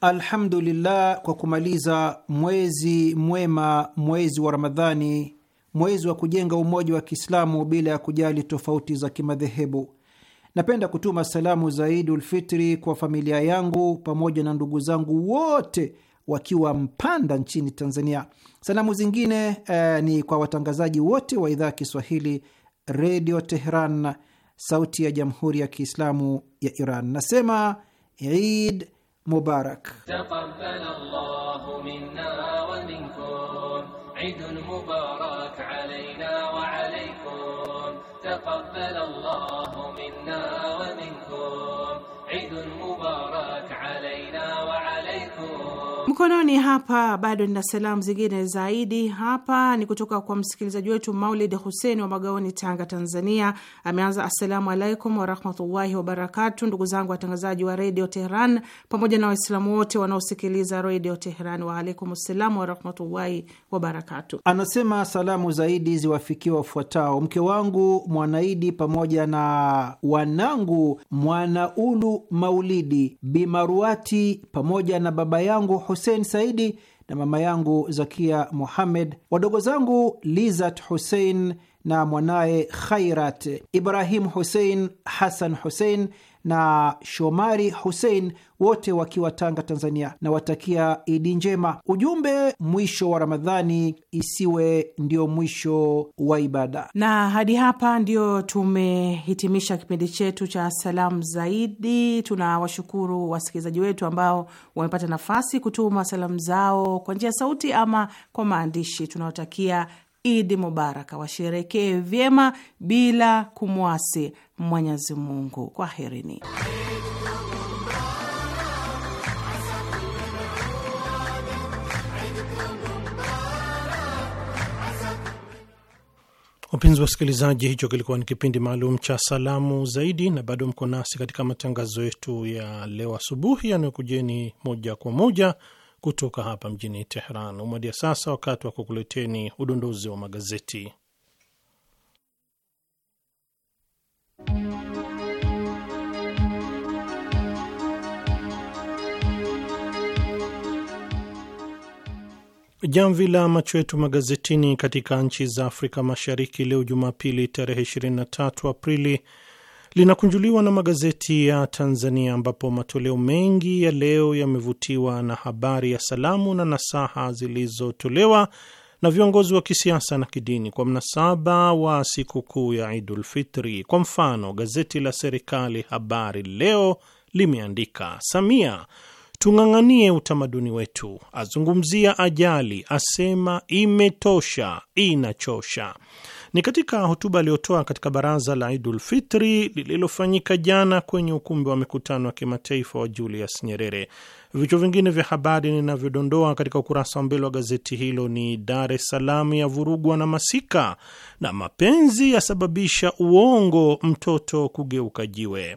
Speaker 5: alhamdulillah kwa kumaliza mwezi mwema, mwezi wa Ramadhani, mwezi wa kujenga umoja wa Kiislamu bila ya kujali tofauti za kimadhehebu Napenda kutuma salamu za Idi Ulfitri kwa familia yangu pamoja na ndugu zangu wote wakiwa Mpanda nchini Tanzania. Salamu zingine eh, ni kwa watangazaji wote wa idhaa ya Kiswahili Redio Teheran, sauti ya jamhuri ya Kiislamu ya Iran. Nasema Id Mubarak.
Speaker 6: mkononi hapa bado nina salamu zingine zaidi. Hapa ni kutoka kwa msikilizaji wetu Maulid huseni wa Magaoni, Tanga, Tanzania. Ameanza, assalamu alaikum warahmatullahi wabarakatu. Ndugu zangu watangazaji wa redio Tehran pamoja na Waislamu wote wanaosikiliza redio Tehran, waalaikum ssalam warahmatullahi wabarakatu.
Speaker 5: Anasema salamu zaidi ziwafikiwa wafuatao: mke wangu Mwanaidi pamoja na wanangu Mwanaulu Maulidi, Bimaruati pamoja na baba yangu Hussein Saidi na mama yangu Zakia muhammed wadogo zangu Lizat Hussein na mwanaye Khairat Ibrahim Hussein, Hassan Hussein na Shomari Hussein, wote wakiwa Tanga, Tanzania, na watakia Idi njema. Ujumbe mwisho wa Ramadhani isiwe ndio mwisho wa ibada.
Speaker 6: Na hadi hapa ndio tumehitimisha kipindi chetu cha salamu zaidi. Tunawashukuru wasikilizaji wetu ambao wamepata nafasi kutuma salamu zao kwa njia sauti ama kwa maandishi. Tunawatakia Idi mubaraka, washerekee vyema bila kumwasi Mwenyezi Mungu. Kwaherini.
Speaker 3: Wapenzi wasikilizaji, hicho kilikuwa ni kipindi maalum cha salamu zaidi, na bado mko nasi katika matangazo yetu ya leo asubuhi yanayokujeni moja kwa moja kutoka hapa mjini Teheran. Umewadia sasa wakati wa kukuleteni udondozi wa magazeti. Jamvi la macho yetu magazetini katika nchi za Afrika Mashariki leo Jumapili tarehe 23 Aprili linakunjuliwa na magazeti ya Tanzania ambapo matoleo mengi ya leo yamevutiwa na habari ya salamu na nasaha zilizotolewa na viongozi wa kisiasa na kidini kwa mnasaba wa sikukuu ya idulfitri Kwa mfano, gazeti la serikali Habari Leo limeandika Samia, tung'ang'anie utamaduni wetu, azungumzia ajali, asema imetosha, inachosha ni katika hotuba aliyotoa katika baraza la Idul Fitri lililofanyika jana kwenye ukumbi wa mikutano wa kimataifa wa Julius Nyerere. Vichwa vingine vya habari ninavyodondoa katika ukurasa wa mbele wa gazeti hilo ni Dar es Salaam ya vurugwa na masika, na mapenzi yasababisha uongo mtoto kugeuka jiwe.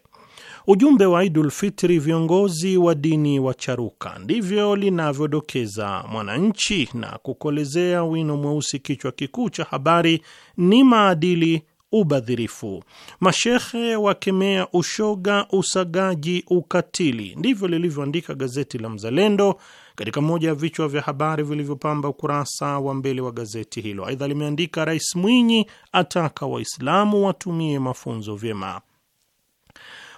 Speaker 3: Ujumbe wa Idul Fitri viongozi wa dini wa charuka, ndivyo linavyodokeza Mwananchi na kukolezea wino mweusi kichwa kikuu cha habari ni maadili ubadhirifu, mashehe wakemea ushoga, usagaji, ukatili. Ndivyo lilivyoandika gazeti la Mzalendo katika moja ya vichwa vya habari vilivyopamba ukurasa wa mbele wa gazeti hilo. Aidha limeandika Rais Mwinyi ataka Waislamu watumie mafunzo vyema.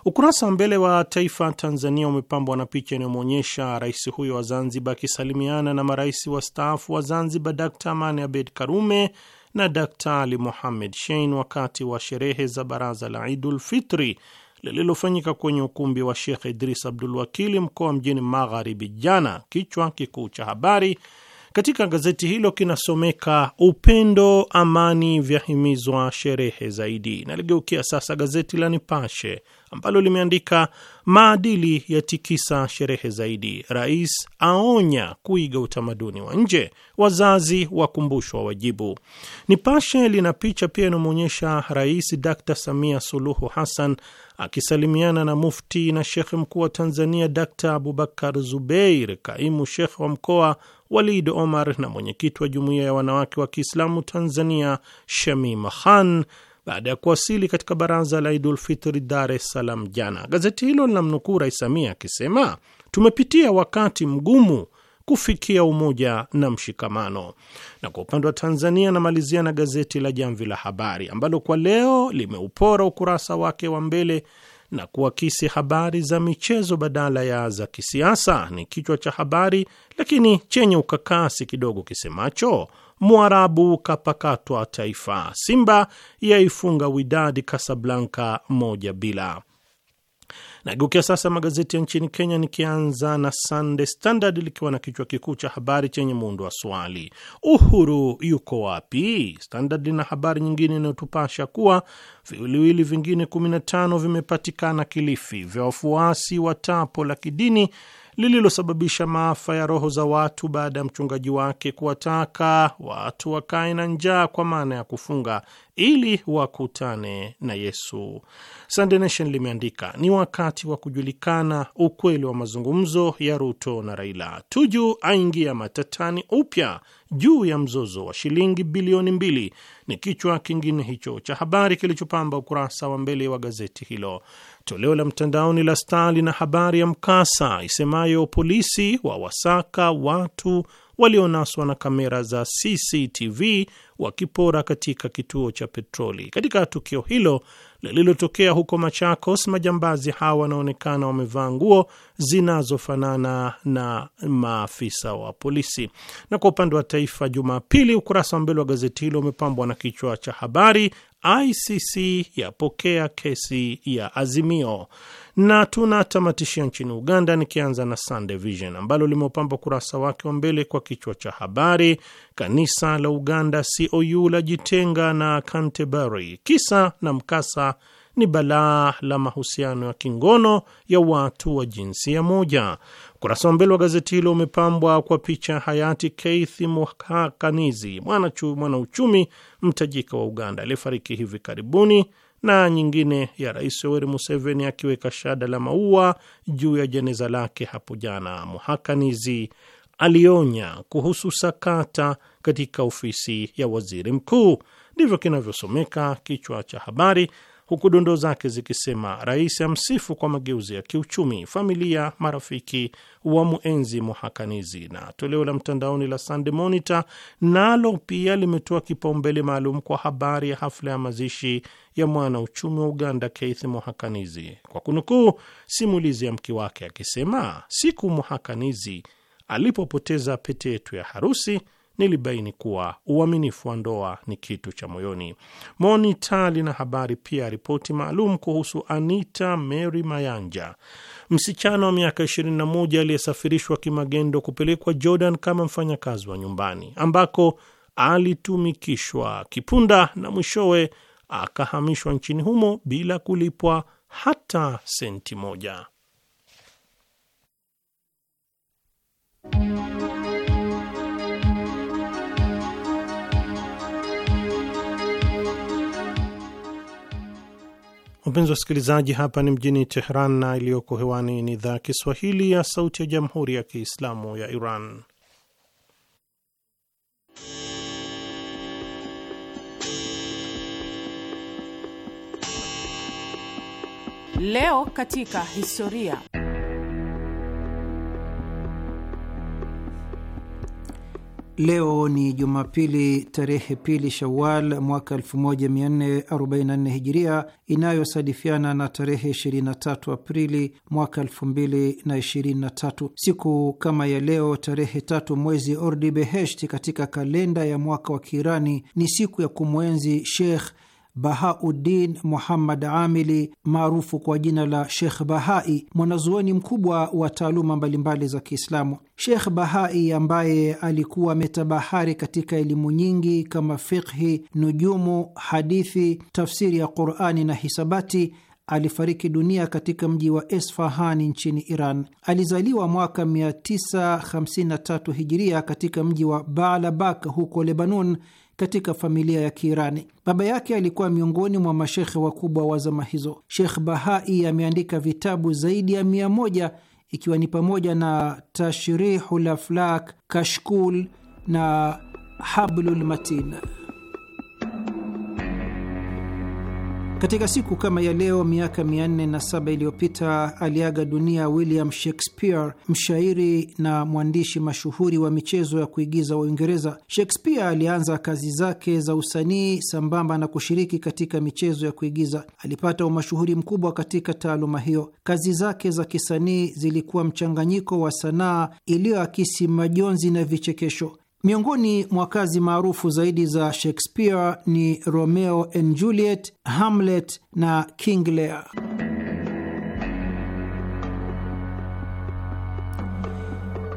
Speaker 3: Ukurasa wa mbele wa Taifa Tanzania umepambwa na picha inayomwonyesha rais huyo wa Zanzibar akisalimiana na marais wastaafu wa Zanzibar Dkt Amani abed Karume na Dkt Ali muhammed Shein wakati wa sherehe za baraza la idulfitri lililofanyika kwenye ukumbi wa shekh Idris Abdul Wakili Mkoa mjini Magharibi jana. Kichwa kikuu cha habari katika gazeti hilo kinasomeka upendo amani vyahimizwa sherehe zaidi. Naligeukia sasa gazeti la Nipashe ambalo limeandika maadili yatikisa sherehe zaidi, rais aonya kuiga utamaduni wa nje, wazazi wakumbushwa wajibu. Nipashe lina picha pia inamwonyesha Rais Dr Samia Suluhu Hassan akisalimiana na Mufti na Shekhe Mkuu wa Tanzania Dr Abubakar Zubeir, kaimu shekhe wa mkoa Walid Omar na mwenyekiti wa jumuiya ya wanawake wa Kiislamu Tanzania Shamima Khan baada ya kuwasili katika baraza la Idulfitri Dar es Salaam jana. Gazeti hilo linamnukuu Rais Samia akisema tumepitia wakati mgumu kufikia umoja na mshikamano. Na kwa upande wa Tanzania, namalizia na gazeti la Jamvi la Habari ambalo kwa leo limeupora ukurasa wake wa mbele na kuakisi habari za michezo badala ya za kisiasa, ni kichwa cha habari lakini chenye ukakasi kidogo kisemacho Mwarabu kapakatwa taifa, Simba yaifunga Widadi Kasablanka moja bila. Nageukia sasa magazeti ya nchini Kenya, nikianza na Sunday Standard likiwa na kichwa kikuu cha habari chenye muundo wa swali, Uhuru yuko wapi? Standard lina habari nyingine inayotupasha kuwa viwiliwili vingine 15 vimepatikana Kilifi vya wafuasi wa tapo la kidini lililosababisha maafa ya roho za watu baada ya mchungaji wake kuwataka watu wakae na njaa kwa maana ya kufunga ili wakutane na Yesu. Sunday Nation limeandika ni wakati wa kujulikana ukweli wa mazungumzo ya Ruto na Raila. Tuju aingia matatani upya juu ya mzozo wa shilingi bilioni mbili ni kichwa kingine hicho cha habari kilichopamba ukurasa wa mbele wa gazeti hilo. Toleo la mtandaoni la Star lina habari ya mkasa isemayo polisi wawasaka watu walionaswa na kamera za CCTV wakipora katika kituo cha petroli. Katika tukio hilo lililotokea huko Machakos, majambazi hawa wanaonekana wamevaa nguo zinazofanana na maafisa wa polisi. Na kwa upande wa Taifa Jumapili, ukurasa wa mbele wa gazeti hilo umepambwa na kichwa cha habari ICC yapokea kesi ya Azimio. Na tunatamatishia nchini Uganda, nikianza na Sunday Vision ambalo limeupamba ukurasa wake wa mbele kwa kichwa cha habari, kanisa la Uganda COU la jitenga na Canterbury, kisa na mkasa ni balaa la mahusiano ya kingono ya watu wa jinsia moja. Ukurasa wa mbele wa gazeti hilo umepambwa kwa picha hayati Keith Muhakanizi, mwanauchumi mtajika wa Uganda aliyefariki hivi karibuni, na nyingine ya Rais Yoweri Museveni akiweka shada la maua juu ya jeneza lake hapo jana. Muhakanizi alionya kuhusu sakata katika ofisi ya waziri mkuu, ndivyo kinavyosomeka kichwa cha habari huku dondoo zake zikisema rais amsifu kwa mageuzi ya kiuchumi, familia, marafiki wa muenzi Muhakanizi. Na toleo la mtandaoni la Sunday Monitor nalo pia limetoa kipaumbele maalum kwa habari ya hafla ya mazishi ya mwana uchumi wa Uganda Keith Muhakanizi, kwa kunukuu simulizi ya mke wake akisema, siku Muhakanizi alipopoteza pete yetu ya harusi nilibaini kuwa uaminifu wa ndoa ni kitu cha moyoni. Monita lina habari pia ripoti maalum kuhusu Anita Mary Mayanja, msichana wa miaka 21 aliyesafirishwa kimagendo kupelekwa Jordan kama mfanyakazi wa nyumbani, ambako alitumikishwa kipunda na mwishowe akahamishwa nchini humo bila kulipwa hata senti moja. Wapenzi wasikilizaji, hapa ni mjini Tehran na iliyoko hewani ni idhaa Kiswahili ya Sauti ya Jamhuri ya Kiislamu ya Iran.
Speaker 6: Leo katika historia
Speaker 5: Leo ni Jumapili, tarehe pili Shawal mwaka 1444 Hijiria, inayosadifiana na tarehe 23 Aprili mwaka 2023. Siku kama ya leo tarehe tatu mwezi ordi Beheshti katika kalenda ya mwaka wa Kiirani ni siku ya kumwenzi Sheikh Bahauddin Muhammad Amili maarufu kwa jina la Shekh Bahai, mwanazuoni mkubwa wa taaluma mbalimbali za Kiislamu. Shekh Bahai ambaye alikuwa ametabahari katika elimu nyingi kama fiqhi, nujumu, hadithi, tafsiri ya Qurani na hisabati alifariki dunia katika mji wa Esfahani nchini Iran. Alizaliwa mwaka 953 hijiria katika mji wa Baalabak huko Lebanon katika familia ya Kiirani. Baba yake alikuwa miongoni mwa mashekhe wakubwa wa zama hizo. Shekh Bahai ameandika vitabu zaidi ya mia moja ikiwa ni pamoja na Tashrihu Laflak, Kashkul na Hablul Matin. Katika siku kama ya leo miaka 407 iliyopita aliaga dunia William Shakespeare, mshairi na mwandishi mashuhuri wa michezo ya kuigiza wa Uingereza. Shakespeare alianza kazi zake za usanii sambamba na kushiriki katika michezo ya kuigiza. Alipata umashuhuri mkubwa katika taaluma hiyo. Kazi zake za kisanii zilikuwa mchanganyiko wa sanaa iliyoakisi majonzi na vichekesho. Miongoni mwa kazi maarufu zaidi za Shakespeare ni Romeo and Juliet, Hamlet na King Lear.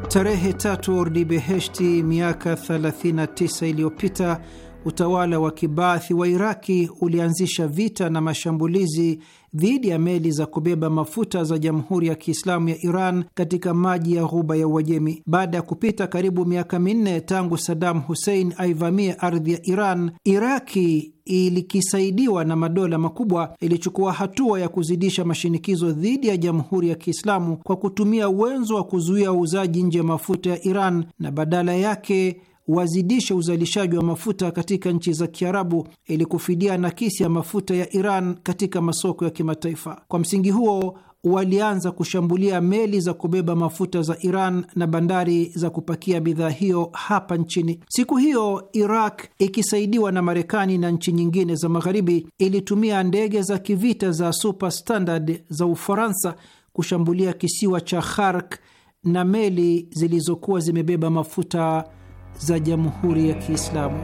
Speaker 5: Tarehe tatu Ordibeheshti miaka 39 iliyopita utawala wa kibaathi wa Iraki ulianzisha vita na mashambulizi dhidi ya meli za kubeba mafuta za Jamhuri ya Kiislamu ya Iran katika maji ya Ghuba ya Uajemi. Baada ya kupita karibu miaka minne tangu Saddam Hussein aivamie ardhi ya Iran, Iraki ilikisaidiwa na madola makubwa ilichukua hatua ya kuzidisha mashinikizo dhidi ya Jamhuri ya Kiislamu kwa kutumia wenzo wa kuzuia uuzaji nje ya mafuta ya Iran na badala yake wazidishe uzalishaji wa mafuta katika nchi za Kiarabu ili kufidia nakisi ya mafuta ya Iran katika masoko ya kimataifa. Kwa msingi huo walianza kushambulia meli za kubeba mafuta za Iran na bandari za kupakia bidhaa hiyo hapa nchini. Siku hiyo Iraq ikisaidiwa na Marekani na nchi nyingine za Magharibi ilitumia ndege za kivita za Super Standard za Ufaransa kushambulia kisiwa cha Khark na meli zilizokuwa zimebeba mafuta za Jamhuri ya Kiislamu.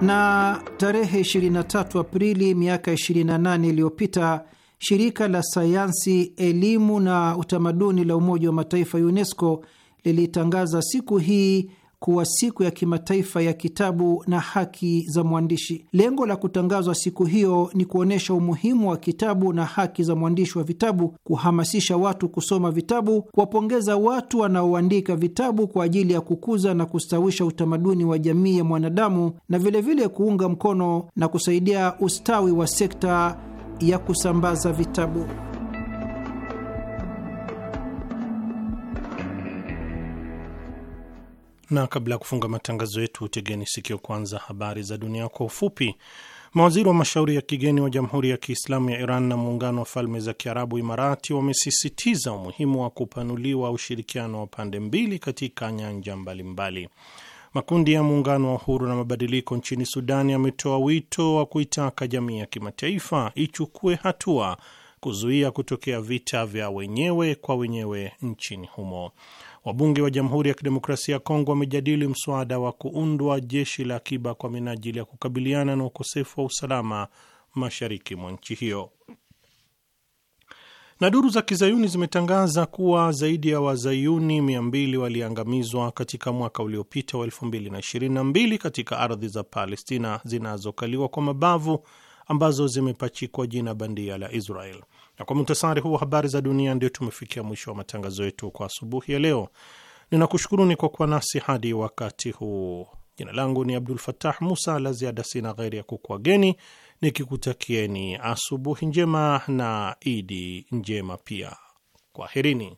Speaker 5: Na tarehe 23 Aprili miaka 28 iliyopita shirika la sayansi, elimu na utamaduni la Umoja wa Mataifa, UNESCO, lilitangaza siku hii kuwa siku ya kimataifa ya kitabu na haki za mwandishi. Lengo la kutangazwa siku hiyo ni kuonyesha umuhimu wa kitabu na haki za mwandishi wa vitabu, kuhamasisha watu kusoma vitabu, kuwapongeza watu wanaoandika vitabu kwa ajili ya kukuza na kustawisha utamaduni wa jamii ya mwanadamu, na vilevile vile kuunga mkono na kusaidia ustawi wa sekta ya kusambaza vitabu.
Speaker 3: na kabla ya kufunga matangazo yetu, tegeni sikio kwanza habari za dunia kwa ufupi. Mawaziri wa mashauri ya kigeni wa Jamhuri ya Kiislamu ya Iran na Muungano wa Falme za Kiarabu Imarati wamesisitiza umuhimu wa kupanuliwa ushirikiano wa pande mbili katika nyanja mbalimbali. Makundi ya Muungano wa Uhuru na Mabadiliko nchini Sudani yametoa wito wa kuitaka jamii ya kimataifa ichukue hatua kuzuia kutokea vita vya wenyewe kwa wenyewe nchini humo. Wabunge wa Jamhuri ya Kidemokrasia ya Kongo wamejadili mswada wa kuundwa jeshi la akiba kwa minajili ya kukabiliana na ukosefu wa usalama mashariki mwa nchi hiyo. Na duru za kizayuni zimetangaza kuwa zaidi ya wazayuni 200 waliangamizwa katika mwaka uliopita wa 2022 katika ardhi za Palestina zinazokaliwa kwa mabavu ambazo zimepachikwa jina bandia la Israel. Na kwa muhtasari huu wa habari za dunia, ndio tumefikia mwisho wa matangazo yetu kwa asubuhi ya leo. Ninakushukuruni kwa kuwa nasi hadi wakati huu. Jina langu ni Abdul fatah Musa. La ziada sina ghairi ya kukuageni nikikutakieni asubuhi njema na idi njema pia. Kwaherini.